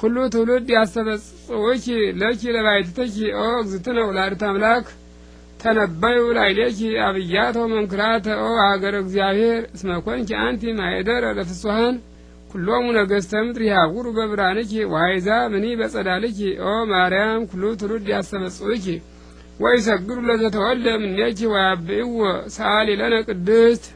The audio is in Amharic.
ሁሉ ትውልድ ያስተበጽውኪ ለኪ ለባይትተኪ ኦ እግዝእትነ ወላዲተ አምላክ ተነበዩ ላዕሌኪ አብያተ ወመምክራተ ኦ ሀገረ እግዚአብሔር እስመ ኮንኪ አንቲ ማኅደረ ለፍጹሐን ኩሎሙ ነገሥተ ምድር ይሃውሩ በብርሃንኪ ወኃይዛ ምኒ በጸዳልኪ ኦ ማርያም ኩሉ ትውልድ ያስተበጽውኪ ወይሰግዱ ለዘተወልደ እምኔኪ ወያብዕዎ ሰአሊ ለነ ቅድስት